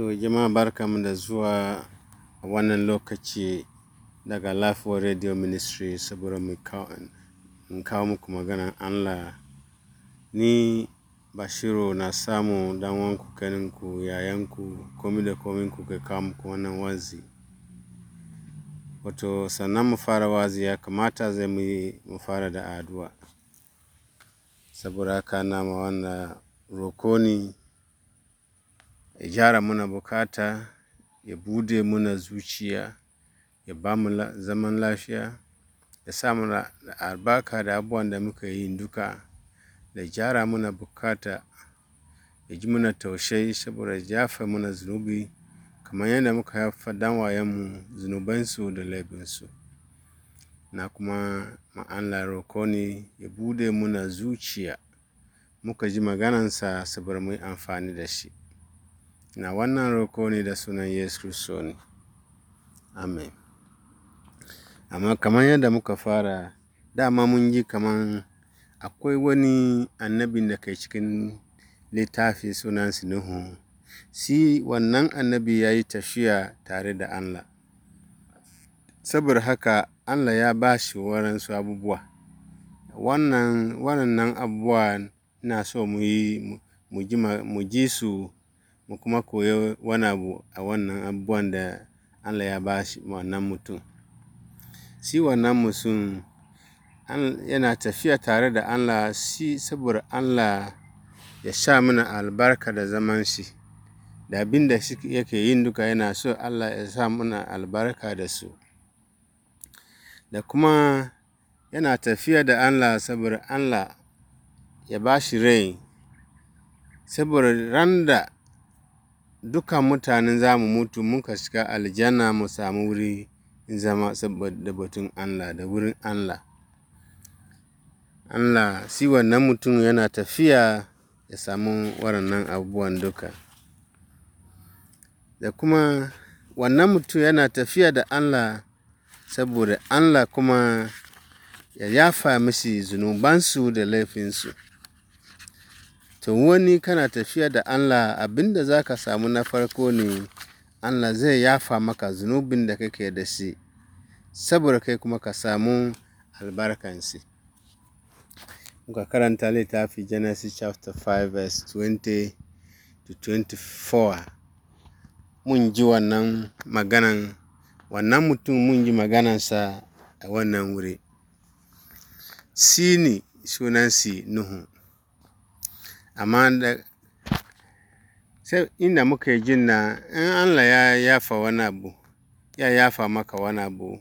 To jama'a barkanmu da zuwa wannan lokaci daga Life World Radio Ministry saboda in kawo muku an Allah. Ni Bashiru na samu dan wanku kaninku yayanku komi da ku ga kawo muku wannan wazi. Wato sannan mu fara wazi ya kamata zai muyi mu fara da addu'a. Saboda haka na ma wannan roko ya gyara mana bukata ya bude mana zuciya ya ba mu zaman lafiya ya sa mana albarka da abubuwan da muka yi duka da gyara mana bukata ya ji mana taushe saboda jafa muna mana zunubi kamar yadda muka yafa dan wayenmu zunubansu da laifinsu na kuma ma Allah ne ya bude mana zuciya muka ji maganansa saboda mu yi amfani da shi Na wannan roko ne da sunan Yesu kristo ne. Amen. Amma kamar yadda muka fara, dama mun ji kamar akwai wani annabin da ke cikin littafi sunan sinuhu Si wannan annabi ya yi tafiya tare da Allah. Saboda haka Allah ya ba shi waransu abubuwa. Wannan, waɗannan abubuwa na so yi, mu ji su mu kuma koyi wani abu a wannan abubuwan da Allah ya ba shi wannan mutum. Shi wannan mutum yana tafiya tare da Allah shi saboda Allah ya sha mana albarka da zaman shi. Da abin da shi yake yin duka yana so Allah ya sa mana albarka da su. Da kuma yana tafiya da Allah saboda Allah ya ba shi rai. Saboda ran da dukan mutanen za mu mutu muka shiga aljanna mu samu wuri zama saboda batun Allah da wurin Allah Allah shi wannan mutum yana tafiya ya samu waɗannan abubuwan duka da kuma wannan mutum yana tafiya da Allah saboda Allah kuma ya yafa mishi zunubansu da laifinsu to wani kana tafiya da Allah abinda za ka samu na farko ne Allah zai yafa maka zunubin da kake da shi saboda kai kuma ka samu albarkansi muka karanta littafi genesis chapter 5 verse 20 to 24 mun ji wannan maganan wannan mutum mun ji maganansa a wannan wuri sini sunan si nuhu amma da sai inda muka yi jin na in Allah ya yafa wani abu ya yafa maka wani abu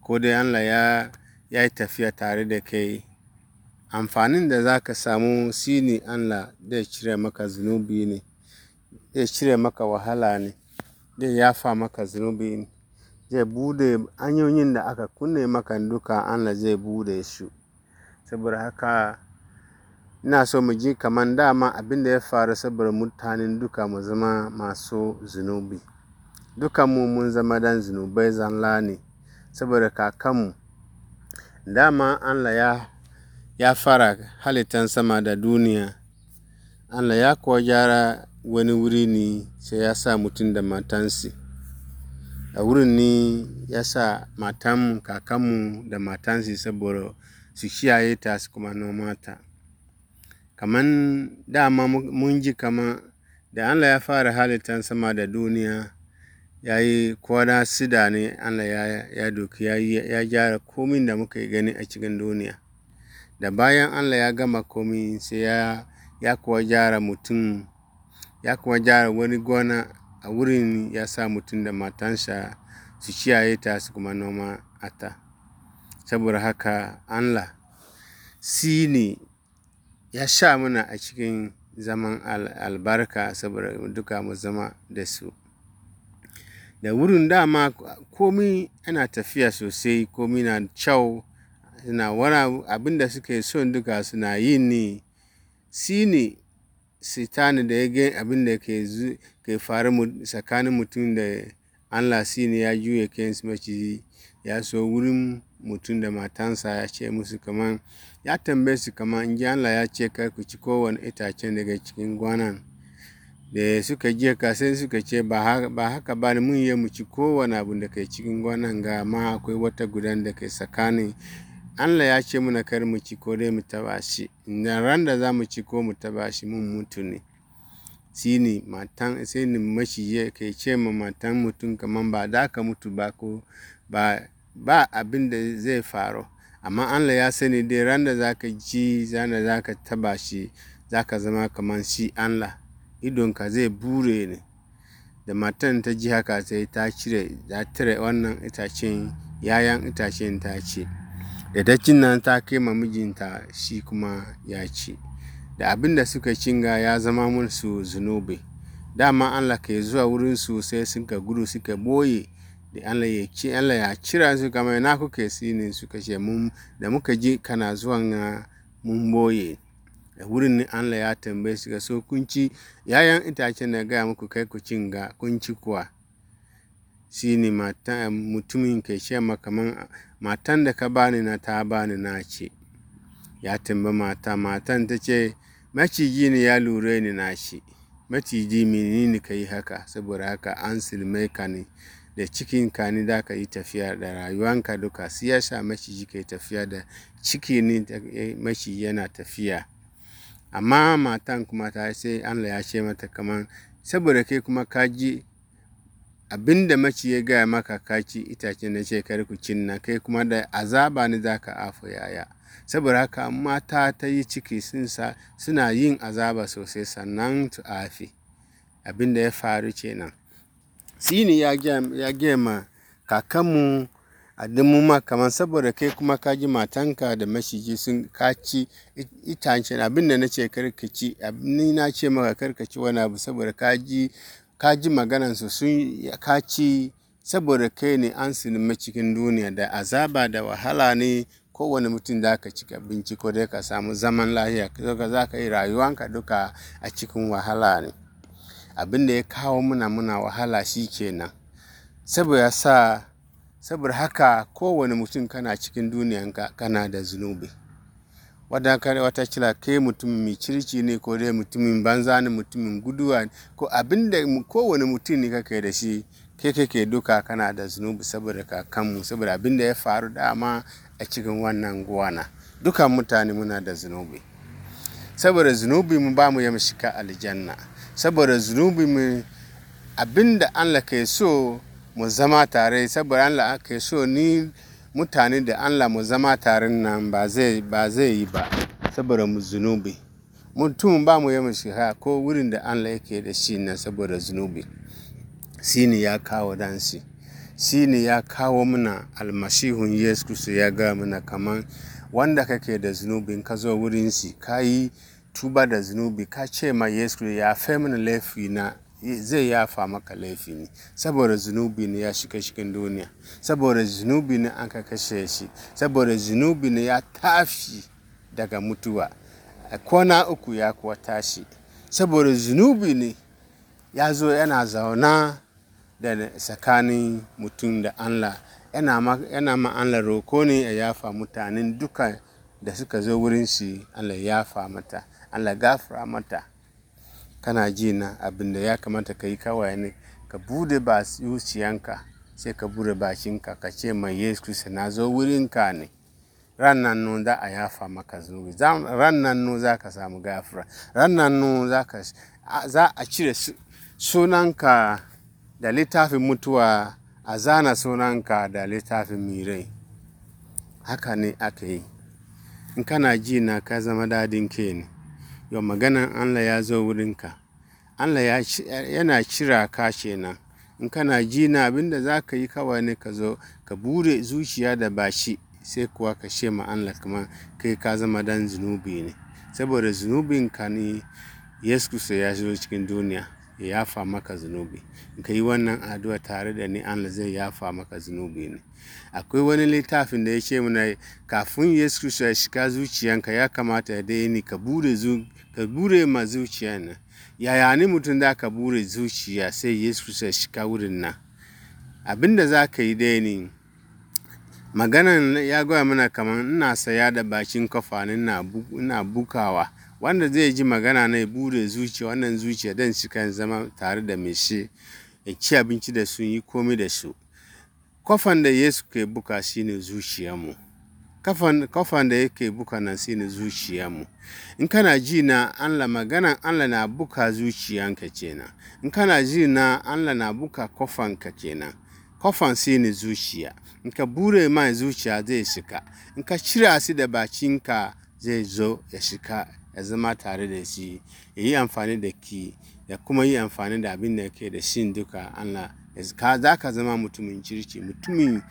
ko dai Allah ya ya yi tafiya tare da kai amfanin da za ka samu shi ne Allah zai cire maka zunubi ne zai cire maka wahala ne zai yafa maka zunubi ne zai bude hanyoyin da aka kunne maka duka Allah zai bude su saboda haka ina so mu ji kamar dama abin da ya faru saboda mutanen duka mu zama masu zunubi dukanmu mun zama dan zunubai zanla ne saboda kakanmu dama allah ya ya fara halittan sama da duniya allah ya kuwa gyara wani wuri ne sai ya sa mutum da matansi a wurin ne ya sa matanmu kakanmu da matansi saboda su kiyaye ta su kuma noma ta kaman dama mun ji kaman da Allah ya fara halittan sama da duniya ya yi kwana sida ne Allah ya, ya doki ya, ya gyara komin da muka yi gani a cikin duniya da bayan Allah ya gama komi sai ya, ya kuwa gyara mutum ya kuwa gyara wani gona a wurin ya sa mutum da matansa su ciyaye ta su kuma noma a saboda haka Allah shi ne ya sa muna a cikin zaman albarka saboda duka mu zama da su da wurin dama komi ana tafiya sosai komi na kyau na wani abinda suke son duka suna yi ne si ne sitani da ya gan abinda da ke faru tsakanin mutum da allah si ne ya juya kayan maciji ya so wurin mutum da matansa ya ce musu kaman ya tambaye su kaman in ji Allah ya ce kar ku ci kowane itacen daga cikin gwanan da suka je ka sai suka ce ba haka ba mun yi mu ci kowane abu da kai cikin gwanan ga ma akwai wata gudan da kai tsakanin Allah ya ce muna kar mu ci ko dai mu taba shi da ran da za mu ci ko mu taba shi mun mutu ne shi ne matan sai ne mashi ya kai ce ma matan mutum kaman ba da ka mutu ba ko ba ba abin da zai faru amma allah ya sani dai ran da za ka ji ran da za ka taba shi za ka zama kamar shi allah idonka zai bure ne da matan ta ji haka sai ta cire ta tare wannan itacen yayan itacen ta ce da daccin nan ta kai ma mijinta shi kuma ya ci da abin da suka cinga ya zama mun su zunube dama allah ke zuwa wurin su sai ka gudu suka boye Allah ya ya kira su ya na kuka si ne su kashe mun da muka ji kana zuwan ah, mun boye da wurin Allah ya tambaye su ga so kun ci yayan itacen da gaya muku kai ku cin ga kun ci kuwa shi ne ah, mutumin ke ce makaman ah, matan da ka bani na ta bani na ce ya tambi mata matan ta ce maciji ne ya lura ni na shi maciji menene ka yi haka saboda haka an silme ka ne da cikinka ne za ka yi tafiya da rayuwanka duka shi yasa maciji ke tafiya da ciki ne eh, maciji yana tafiya amma matan kuma ta sai allah ya ce mata kaman saboda kai kuma ka ji abin da maci ya gaya maka kaci itace na ce kar ku cinna kai kuma da azaba ne za ka afa yaya saboda haka mata ta yi ciki suna yin azaba sosai sannan su afi abin da ya faru kenan shi ne ya gaya, ya ma kakanmu a mu ma kamar saboda kai kuma ka ji matanka da mashiji sun kaci itacen abin da na ce karkaci ni na ce maka karkaci wani abu saboda ka ji maganansu sun kaci saboda kai ne an sinima cikin duniya da azaba da wahala ne kowane mutum da aka cika binciko da ka samu zaman lahiya za ka yi rayuwanka duka a cikin wahala ne abin da ya kawo muna muna wahala shi kenan saboda sa saboda haka kowane mutum kana cikin ka kana da zunubi wata kare wata kila kai mutumin mai circi ne ko dai mutumin banza ne mutumin guduwa ne, ko abin da kowane mutum ne kake da shi kai kake duka kana da zunubi saboda kakanmu saboda abin da ya faru dama a cikin wannan gwana dukan mutane muna da zunubi saboda zunubi mu ba mu ya shiga aljanna saboda zunubinmu abin da Allah ke so mu zama tare saboda Allah ke so ni mutane da Allah mu zama tare nan ba zai yi ba saboda mu zunubi mutum ba mu yi shiga ko wurin da Allah yake da shi nan saboda zunubi Sini ya kawo dansi shi ne ya kawo mana almashihun Yesu ya ga mana kaman wanda kake da zunubin ka zo wurin shi ka tuba da zunubi ka ce ma yesu ya fai mini na zai yafa maka laifi ne saboda zunubi ne ya shiga cikin duniya saboda zunubi ne an ka kashe shi saboda zunubi ne ya tafi daga mutuwa a kona uku ya kuwa tashi saboda zunubi ne ya zo yana zauna da tsakanin mutum da allah yana ma allah roko ne ya yafa mutanen duka da suka zo wurin shi allah ya yafa mata Allah gafara mata kana ji na abin da ya kamata ka yi kawai ne ka bude ba zuciyanka sai ka bude bakinka ka ce mai yesu kristi na zo wurinka ne rannan nu za a yafa maka zunubi rannan nu za ka samu gafara rannan nu za a cire sunanka da littafin mutuwa a zana sunanka da littafin mirai haka ne aka yi in kana ji na ka zama dadin ke ne magana maganan Allah ya zo wurinka Allah ya yana cira ka kenan in kana ji na abin da za ka yi kawai ne ka zo ka bure zuciya da bashi sai kuwa ka ce ma Allah kuma kai ka zama dan zunubi ne saboda zunubinka ne Yesu ya zo cikin duniya ya yafa maka zunubi in ka yi wannan addu'a tare da ni Allah zai yafa maka zunubi ne akwai wani littafin da ya ce mana kafin Yesu Kristo ya shiga zuciyanka ya kamata dai ni ka bure zu ka bure ma zuciya nan yaya ne mutum da ka bure zuciya sai Yesu Kristo ya shiga wurin nan abinda za ka yi dai ni maganan ya gaya mana kamar ina saya da bakin kafa ina bukawa wanda zai ji magana na ya bude zuciya wannan zuciya dan su kan zama tare da mai shi ya ci abinci da su yi komi da su kofan da yesu ke buka ne zuciyarmu kafan kofan da yake buka nan shine zuciyarmu in kana ji na Allah magana Allah na buka zuciyanka kenan in kana ji na Allah na buka kofanka kenan kofan ne zuciya in ka bure mai zuciya zai shika in ka cire su da bakinka zai zo ya shika ya zama tare da shi ya yi amfani da ki da kuma yi amfani da abin da yake da shin duka Allah za ka zama mutumin kirki mutumin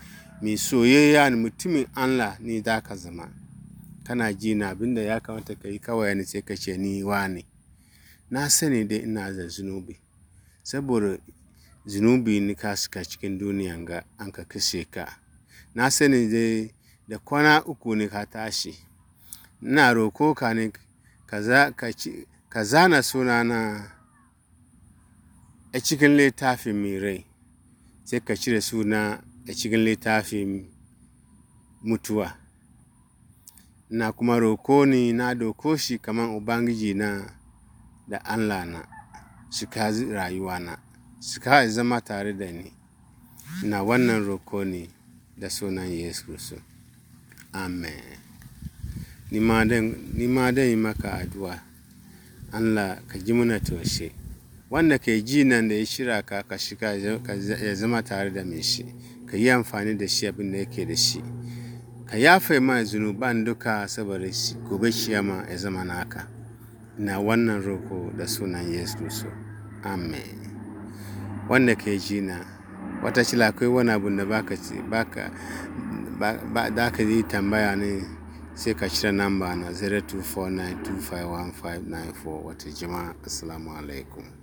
mai soyayya mutumin Allah ne za ka zama kana ji na abin da ya kamata ka yi kawai ne sai ka ce ni wa ne na sani dai ina da zunubi saboda zunubi ni ka suka cikin duniya ga an ka kashe ka na sani dai da kwana uku ne ka tashi ina roko ka ne ka zana sunana a cikin littafin mai rai sai ka cire suna a cikin littafin mutuwa na kuma roko ni na doko shi kamar ubangiji na da allah na cika rayuwa na cika zama tare da ni na wannan roko ne da sunan yesu kristo amen Nima dan yi maka addu'a Allah ka ji mana taushe wanda ka ji nan da ya shirya ka ka shiga ya zama tare da mai shi ka yi amfani da shi abin da yake da shi ka yafe ma zunuban duka saboda gobe ma ya zama naka na wannan roko da sunan yesu kristo amen wanda ka ji na wata shi akwai wani abin da baka da ka yi tambaya ne sai ka cire namba na 0249251594 wata jima'a assalamu alaikum